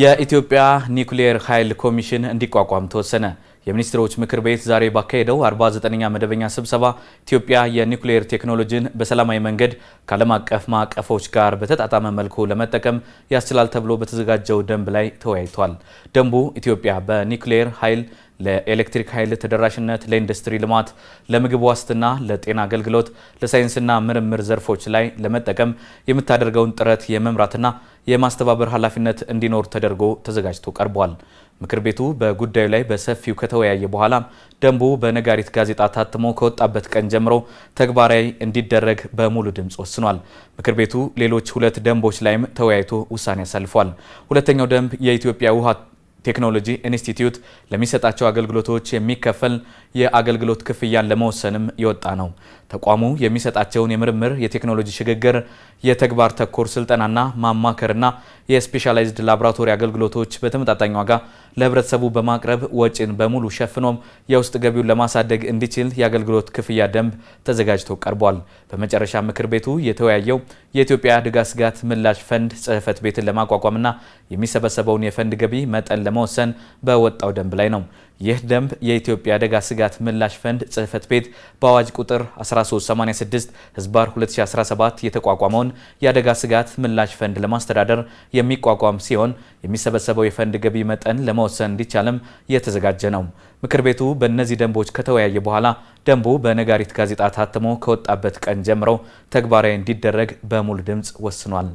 የኢትዮጵያ ኒውክሊየር ኃይል ኮሚሽን እንዲቋቋም ተወሰነ። የሚኒስትሮች ምክር ቤት ዛሬ ባካሄደው 49ኛ መደበኛ ስብሰባ ኢትዮጵያ የኒውክሊየር ቴክኖሎጂን በሰላማዊ መንገድ ከዓለም አቀፍ ማዕቀፎች ጋር በተጣጣመ መልኩ ለመጠቀም ያስችላል ተብሎ በተዘጋጀው ደንብ ላይ ተወያይቷል። ደንቡ ኢትዮጵያ በኒውክሌር ኃይል ለኤሌክትሪክ ኃይል ተደራሽነት፣ ለኢንዱስትሪ ልማት፣ ለምግብ ዋስትና፣ ለጤና አገልግሎት፣ ለሳይንስና ምርምር ዘርፎች ላይ ለመጠቀም የምታደርገውን ጥረት የመምራትና የማስተባበር ኃላፊነት እንዲኖር ተደርጎ ተዘጋጅቶ ቀርቧል። ምክር ቤቱ በጉዳዩ ላይ በሰፊው ከተወያየ በኋላ ደንቡ በነጋሪት ጋዜጣ ታትሞ ከወጣበት ቀን ጀምሮ ተግባራዊ እንዲደረግ በሙሉ ድምፅ ወስኗል። ምክር ቤቱ ሌሎች ሁለት ደንቦች ላይም ተወያይቶ ውሳኔ አሳልፏል። ሁለተኛው ደንብ የኢትዮጵያ ውሃ ቴክኖሎጂ ኢንስቲትዩት ለሚሰጣቸው አገልግሎቶች የሚከፈል የአገልግሎት ክፍያን ለመወሰንም የወጣ ነው። ተቋሙ የሚሰጣቸውን የምርምር፣ የቴክኖሎጂ ሽግግር፣ የተግባር ተኮር ስልጠናና ማማከርና የስፔሻላይዝድ ላቦራቶሪ አገልግሎቶች በተመጣጣኝ ዋጋ ለህብረተሰቡ በማቅረብ ወጪን በሙሉ ሸፍኖም የውስጥ ገቢውን ለማሳደግ እንዲችል የአገልግሎት ክፍያ ደንብ ተዘጋጅቶ ቀርቧል። በመጨረሻ ምክር ቤቱ የተወያየው የኢትዮጵያ አደጋ ስጋት ምላሽ ፈንድ ጽህፈት ቤትን ለማቋቋምና የሚሰበሰበውን የፈንድ ገቢ መጠን ለ ለመወሰን በወጣው ደንብ ላይ ነው። ይህ ደንብ የኢትዮጵያ አደጋ ስጋት ምላሽ ፈንድ ጽህፈት ቤት በአዋጅ ቁጥር 1386 ህዝባር 2017 የተቋቋመውን የአደጋ ስጋት ምላሽ ፈንድ ለማስተዳደር የሚቋቋም ሲሆን የሚሰበሰበው የፈንድ ገቢ መጠን ለመወሰን እንዲቻልም የተዘጋጀ ነው። ምክር ቤቱ በእነዚህ ደንቦች ከተወያየ በኋላ ደንቡ በነጋሪት ጋዜጣ ታትሞ ከወጣበት ቀን ጀምሮ ተግባራዊ እንዲደረግ በሙሉ ድምፅ ወስኗል።